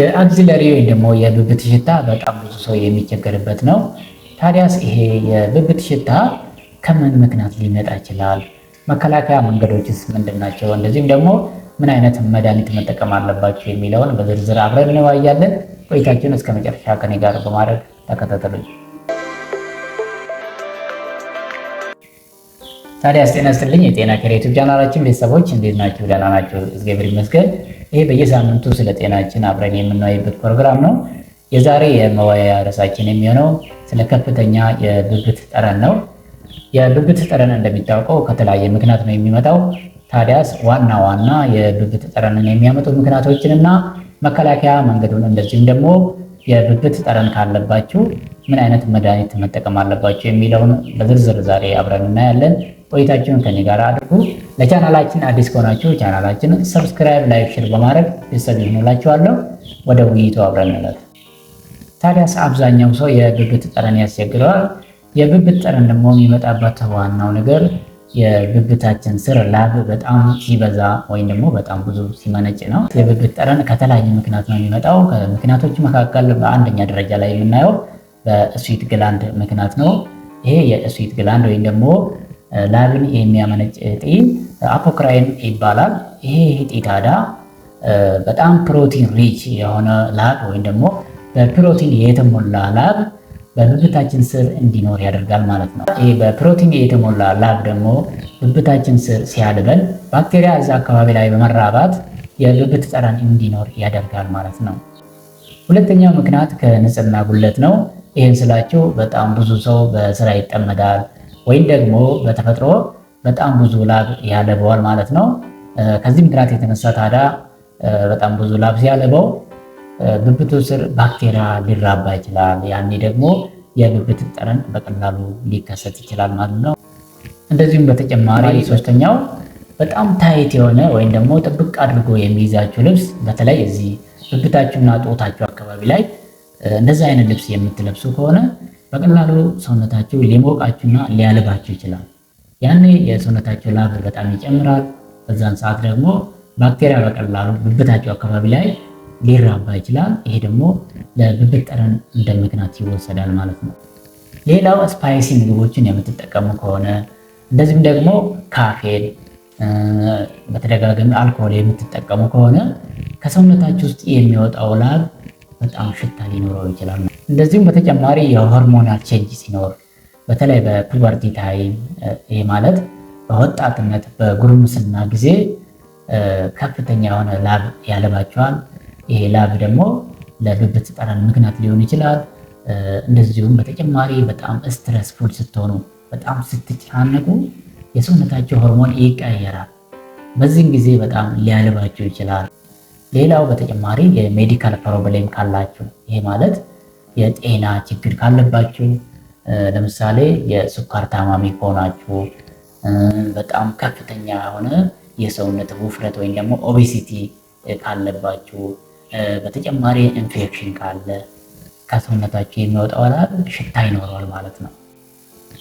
የአግዚለሪ ወይም ደግሞ የብብት ሽታ በጣም ብዙ ሰው የሚቸገርበት ነው። ታዲያስ ይሄ የብብት ሽታ ከምን ምክንያት ሊመጣ ይችላል? መከላከያ መንገዶችስ ምንድን ናቸው? እንደዚሁም ደግሞ ምን አይነት መድኃኒት መጠቀም አለባቸው የሚለውን በዝርዝር አብረን እንወያያለን። ቆይታችን እስከ መጨረሻ ከኔ ጋር በማድረግ ተከታተሉኝ። ታዲያስ ጤና ይስጥልኝ። የጤና ኬር ዩቲዩብ ቻናላችን ቤተሰቦች እንዴት ናቸው? ደህና ናቸው? እግዚአብሔር ይመስገን። ይህ በየሳምንቱ ስለ ጤናችን አብረን የምናይበት ፕሮግራም ነው። የዛሬ የመወያያ ርዕሳችን የሚሆነው ስለ ከፍተኛ የብብት ጠረን ነው። የብብት ጠረን እንደሚታወቀው ከተለያየ ምክንያት ነው የሚመጣው። ታዲያስ ዋና ዋና የብብት ጠረንን የሚያመጡ ምክንያቶችን እና መከላከያ መንገዱን እንደዚሁም ደግሞ የብብት ጠረን ካለባችሁ ምን አይነት መድኃኒት መጠቀም አለባችሁ የሚለውን በዝርዝር ዛሬ አብረን እናያለን። ቆይታችሁን ከኔ ጋር አድርጉ። ለቻናላችን አዲስ ከሆናችሁ ቻናላችን ሰብስክራይብ፣ ላይክ፣ ሼር በማድረግ ቤተሰብ ይሆኑላችኋለሁ። ወደ ውይይቱ አብረን እንለፍ። ታዲያስ አብዛኛው ሰው የብብት ጠረን ያስቸግረዋል። የብብት ጠረን ደግሞ የሚመጣበት ዋናው ነገር የብብታችን ስር ላብ በጣም ሲበዛ ወይም ደግሞ በጣም ብዙ ሲመነጭ ነው። የብብት ጠረን ከተለያዩ ምክንያት ነው የሚመጣው። ከምክንያቶች መካከል በአንደኛ ደረጃ ላይ የምናየው በስዊት ግላንድ ምክንያት ነው። ይሄ የስዊት ግላንድ ወይም ደግሞ ላብን የሚያመነጭ እጢ አፖክራይን ይባላል። ይሄ እጢ ታዲያ በጣም ፕሮቲን ሪች የሆነ ላብ ወይም ደግሞ በፕሮቲን የተሞላ ላብ በብብታችን ስር እንዲኖር ያደርጋል ማለት ነው። ይህ በፕሮቲን የተሞላ ላብ ደግሞ ብብታችን ስር ሲያልበን ባክቴሪያ እዛ አካባቢ ላይ በመራባት የብብት ጠረን እንዲኖር ያደርጋል ማለት ነው። ሁለተኛው ምክንያት ከንጽህና ጉለት ነው። ይህን ስላችሁ በጣም ብዙ ሰው በስራ ይጠመዳል፣ ወይም ደግሞ በተፈጥሮ በጣም ብዙ ላብ ያለበዋል ማለት ነው። ከዚህ ምክንያት የተነሳ ታዲያ በጣም ብዙ ላብ ሲያለበው ብብቱ ስር ባክቴሪያ ሊራባ ይችላል። ያኔ ደግሞ የብብት ጠረን በቀላሉ ሊከሰት ይችላል ማለት ነው። እንደዚሁም በተጨማሪ ሶስተኛው በጣም ታይት የሆነ ወይም ደግሞ ጥብቅ አድርጎ የሚይዛችሁ ልብስ በተለይ እዚህ ብብታችሁና ጡታችሁ አካባቢ ላይ እንደዚህ አይነት ልብስ የምትለብሱ ከሆነ በቀላሉ ሰውነታችሁ ሊሞቃችሁና ሊያልባችሁ ይችላል። ያኔ የሰውነታችሁ ላብ በጣም ይጨምራል። በዛን ሰዓት ደግሞ ባክቴሪያ በቀላሉ ብብታችሁ አካባቢ ላይ ሊራባ ይችላል። ይሄ ደግሞ ለብብት ጠረን እንደ ምክንያት ይወሰዳል ማለት ነው። ሌላው ስፓይሲ ምግቦችን የምትጠቀሙ ከሆነ እንደዚሁም ደግሞ ካፌን በተደጋጋሚ አልኮል የምትጠቀሙ ከሆነ ከሰውነታችሁ ውስጥ የሚወጣው ላብ በጣም ሽታ ሊኖረው ይችላል። እንደዚሁም በተጨማሪ የሆርሞናል ቼንጅ ሲኖር በተለይ በፑበርቲ ታይም ይህ ማለት በወጣትነት በጉርምስና ጊዜ ከፍተኛ የሆነ ላብ ያለባቸዋል። ይሄ ላብ ደግሞ ለብብት ጠረን ምክንያት ሊሆን ይችላል። እንደዚሁም በተጨማሪ በጣም ስትረስፉል ስትሆኑ፣ በጣም ስትጨናነቁ የሰውነታቸው ሆርሞን ይቀየራል። በዚህን ጊዜ በጣም ሊያልባቸው ይችላል። ሌላው በተጨማሪ የሜዲካል ፕሮብሌም ካላችሁ ይሄ ማለት የጤና ችግር ካለባችሁ ለምሳሌ የስኳር ታማሚ ከሆናችሁ በጣም ከፍተኛ የሆነ የሰውነት ውፍረት ወይም ደግሞ ኦቤሲቲ ካለባችሁ፣ በተጨማሪ ኢንፌክሽን ካለ ከሰውነታችሁ የሚወጣው ሽታ ይኖረዋል ማለት ነው።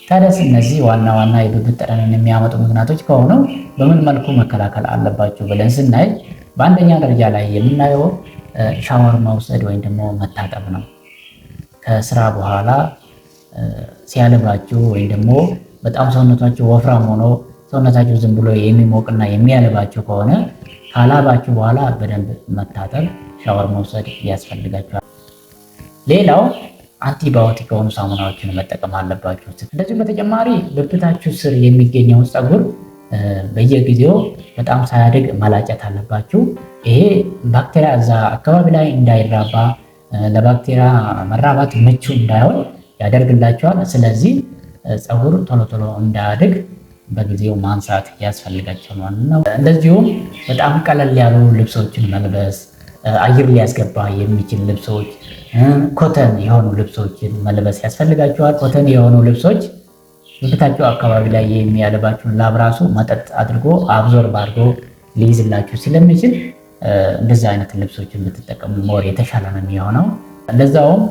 ታዲያስ እነዚህ ዋና ዋና የብብት ጠረንን የሚያመጡ ምክንያቶች ከሆነው በምን መልኩ መከላከል አለባችሁ ብለን ስናይ በአንደኛ ደረጃ ላይ የምናየው ሻወር መውሰድ ወይም ደግሞ መታጠብ ነው። ከስራ በኋላ ሲያልባችሁ ወይም ደግሞ በጣም ሰውነታችሁ ወፍራም ሆኖ ሰውነታችሁ ዝም ብሎ የሚሞቅና የሚያልባችሁ ከሆነ ካላባችሁ በኋላ በደንብ መታጠብ፣ ሻወር መውሰድ ያስፈልጋችኋል። ሌላው አንቲባዮቲክ የሆኑ ሳሙናዎችን መጠቀም አለባችሁ። እንደዚሁም በተጨማሪ ብብታችሁ ስር የሚገኘውን ፀጉር በየጊዜው በጣም ሳያድግ ማላጨት አለባችሁ። ይሄ ባክቴሪያ እዛ አካባቢ ላይ እንዳይራባ ለባክቴሪያ መራባት ምቹ እንዳይሆን ያደርግላቸዋል። ስለዚህ ፀጉር ቶሎ ቶሎ እንዳያድግ በጊዜው ማንሳት ያስፈልጋቸው ነው። እንደዚሁም በጣም ቀለል ያሉ ልብሶችን መልበስ፣ አየር ሊያስገባ የሚችል ልብሶች፣ ኮተን የሆኑ ልብሶችን መልበስ ያስፈልጋቸዋል። ኮተን የሆኑ ልብሶች ብልታቸው አካባቢ ላይ የሚያለባቸውን ላብ ራሱ መጠጥ አድርጎ አብዞርብ አድርጎ ሊይዝላችሁ ስለሚችል እንደዚህ አይነት ልብሶች የምትጠቀሙ ሞር የተሻለ ነው የሚሆነው። ለዛውም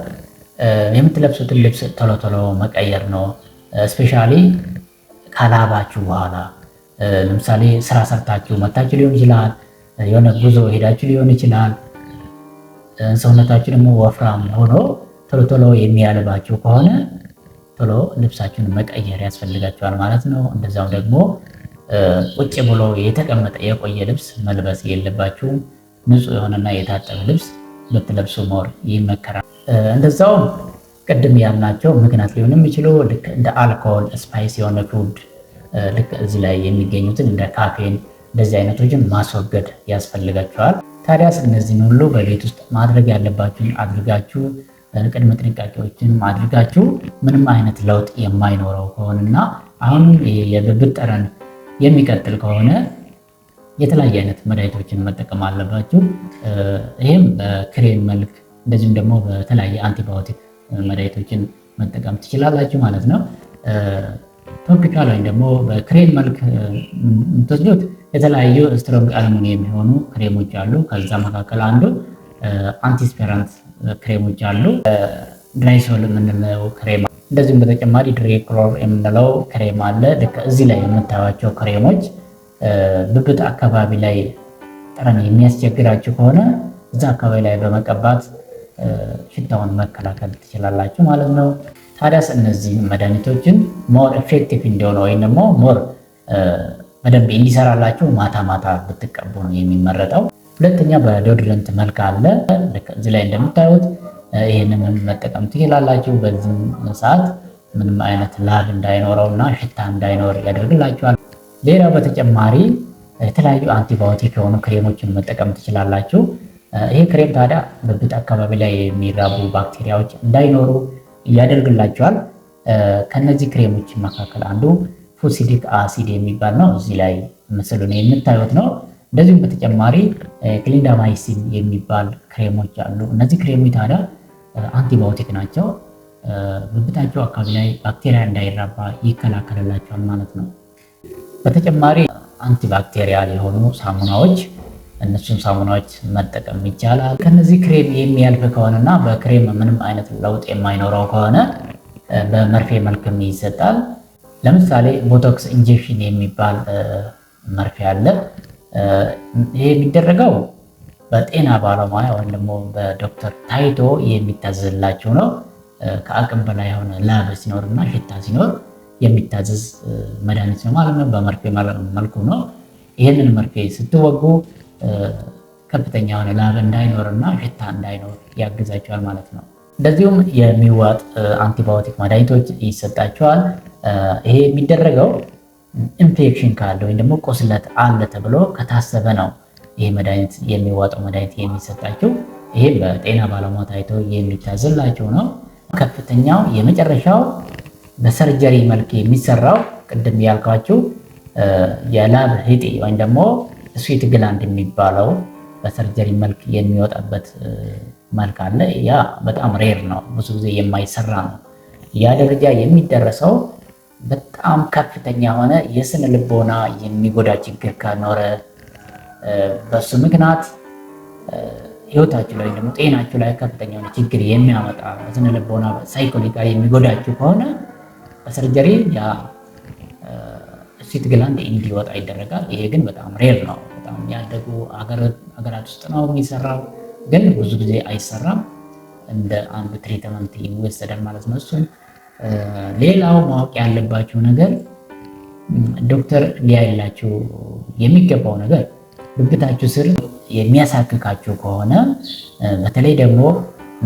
የምትለብሱትን ልብስ ቶሎ ቶሎ መቀየር ነው። ስፔሻሊ ካላባችሁ በኋላ ለምሳሌ ስራ ሰርታችሁ መታችሁ ሊሆን ይችላል። የሆነ ጉዞ ሄዳችሁ ሊሆን ይችላል። ሰውነታችሁ ደግሞ ወፍራም ሆኖ ቶሎ ቶሎ የሚያልባችሁ ከሆነ ቶሎ ልብሳችሁን መቀየር ያስፈልጋቸዋል ማለት ነው። እንደዚያው ደግሞ ቁጭ ብሎ የተቀመጠ የቆየ ልብስ መልበስ የለባችሁም። ንጹህ የሆነና የታጠበ ልብስ ብትለብሱ ሞር ይመከራል። እንደዛው ቅድም ያልናቸው ምክንያት ሊሆን የሚችሉ ልክ እንደ አልኮል፣ ስፓይስ የሆነ ፉድ ልክ እዚህ ላይ የሚገኙትን እንደ ካፌን እንደዚህ አይነቶችን ማስወገድ ያስፈልጋቸዋል። ታዲያስ እነዚህን ሁሉ በቤት ውስጥ ማድረግ ያለባችሁን አድርጋችሁ ቅድመ ጥንቃቄዎችን ማድረጋችሁ ምንም አይነት ለውጥ የማይኖረው ከሆነና አሁንም የብብት ጠረን የሚቀጥል ከሆነ የተለያየ አይነት መድኃኒቶችን መጠቀም አለባችሁ። ይህም በክሬም መልክ እንደዚሁም ደግሞ በተለያየ አንቲባዮቲክ መድኃኒቶችን መጠቀም ትችላላችሁ ማለት ነው። ቶፒካል ወይም ደግሞ በክሬም መልክ የምትወስዱት የተለያዩ ስትሮንግ አልሙኒ የሚሆኑ ክሬሞች አሉ። ከዛ መካከል አንዱ አንቲስፔራንት ክሬሞች አሉ። ግላይሶል የምንለው ክሬም እንደዚሁም በተጨማሪ ድሬክሎር የምንለው ክሬም አለ። ልክ እዚህ ላይ የምታዩቸው ክሬሞች ብብት አካባቢ ላይ ጠረን የሚያስቸግራችሁ ከሆነ እዛ አካባቢ ላይ በመቀባት ሽታውን መከላከል ትችላላችሁ ማለት ነው። ታዲያስ እነዚህ መድኃኒቶችን ሞር ኤፌክቲቭ እንዲሆነ ወይም ደግሞ ሞር በደንብ እንዲሰራላችሁ ማታ ማታ ብትቀቡ ነው የሚመረጠው። ሁለተኛ በዶድረንት መልክ አለ። እዚህ ላይ እንደምታዩት ይህንን መጠቀም ትችላላችሁ። በዚህ ሰዓት ምንም አይነት ላብ እንዳይኖረው እና ሽታ እንዳይኖር ያደርግላችኋል። ሌላ በተጨማሪ የተለያዩ አንቲባዮቲክ የሆኑ ክሬሞችን መጠቀም ትችላላችሁ። ይሄ ክሬም ታዲያ በብት አካባቢ ላይ የሚራቡ ባክቴሪያዎች እንዳይኖሩ ያደርግላቸዋል። ከነዚህ ክሬሞች መካከል አንዱ ፉሲዲክ አሲድ የሚባል ነው። እዚህ ላይ ምስሉን የምታዩት ነው። እንደዚሁም በተጨማሪ ክሊንዳማይሲን የሚባል ክሬሞች አሉ። እነዚህ ክሬሞች ታዲያ አንቲባዮቲክ ናቸው። ብብታቸው አካባቢ ላይ ባክቴሪያ እንዳይራባ ይከላከልላቸዋል ማለት ነው። በተጨማሪ አንቲባክቴሪያል የሆኑ ሳሙናዎች እነሱም ሳሙናዎች መጠቀም ይቻላል። ከነዚህ ክሬም የሚያልፍ ከሆነና በክሬም ምንም አይነት ለውጥ የማይኖረው ከሆነ በመርፌ መልክም ይሰጣል። ለምሳሌ ቦቶክስ ኢንጀክሽን የሚባል መርፌ አለ። ይሄ የሚደረገው በጤና ባለሙያ ወይም ደግሞ በዶክተር ታይቶ የሚታዘዝላቸው ነው። ከአቅም በላይ የሆነ ላብ ሲኖር እና ሽታ ሲኖር የሚታዘዝ መድኃኒት ነው ማለት ነው። በመርፌ መልኩ ነው። ይህንን መርፌ ስትወጉ ከፍተኛ የሆነ ላብ እንዳይኖር እና ሽታ እንዳይኖር ያግዛቸዋል ማለት ነው። እንደዚሁም የሚዋጥ አንቲባዮቲክ መድኃኒቶች ይሰጣቸዋል። ይሄ የሚደረገው ኢንፌክሽን ካለ ወይም ደግሞ ቁስለት አለ ተብሎ ከታሰበ ነው ይሄ መድኃኒት የሚዋጠው መድኃኒት የሚሰጣቸው። ይሄ በጤና ባለሙያ ታይቶ የሚታዘላቸው ነው። ከፍተኛው የመጨረሻው በሰርጀሪ መልክ የሚሰራው ቅድም ያልኳችሁ የላብ ህጤ ወይም ደግሞ ስዊት ግላንድ የሚባለው በሰርጀሪ መልክ የሚወጣበት መልክ አለ። ያ በጣም ሬር ነው፣ ብዙ ጊዜ የማይሰራ ነው። ያ ደረጃ የሚደረሰው በጣም ከፍተኛ የሆነ የስነ ልቦና የሚጎዳ ችግር ከኖረ በሱ ምክንያት ህይወታችሁ ላይ ደግሞ ጤናችሁ ላይ ከፍተኛ የሆነ ችግር የሚያመጣ በስነ ልቦና ሳይኮሎጂካሊ የሚጎዳችሁ ከሆነ በሰርጀሪ ያ እሲት ግላንድ እንዲወጣ ይደረጋል። ይሄ ግን በጣም ሬር ነው። በጣም ያደጉ ሀገራት ውስጥ ነው የሚሰራው፣ ግን ብዙ ጊዜ አይሰራም። እንደ አንዱ ትሪትመንት ይወሰዳል ማለት ነው እሱን ሌላው ማወቅ ያለባቸው ነገር ዶክተር ሊያይላቸው የሚገባው ነገር ብብታችሁ ስር የሚያሳክካችሁ ከሆነ በተለይ ደግሞ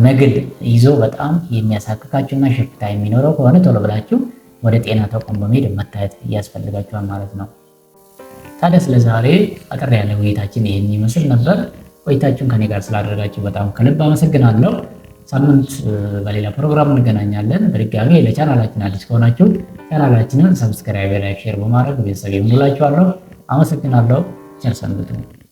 መግል ይዞ በጣም የሚያሳክካችሁና ሽፍታ የሚኖረው ከሆነ ቶሎ ብላችሁ ወደ ጤና ተቋም በመሄድ መታየት እያስፈልጋችኋል ማለት ነው። ታዲያ ስለ ዛሬ አጠር ያለ ሁኔታችን ይህን ይመስል ነበር። ቆይታችሁን ከኔ ጋር ስላደረጋችሁ በጣም ከልብ አመሰግናለሁ። ሳምንት በሌላ ፕሮግራም እንገናኛለን። በድጋሚ ለቻናላችን አዲስ ከሆናችሁ ቻናላችንን ሰብስክራይብ፣ ላይክ፣ ሼር በማድረግ ቤተሰብ የምንላችኋለሁ። አመሰግናለሁ። ቸር ሰንብቱ።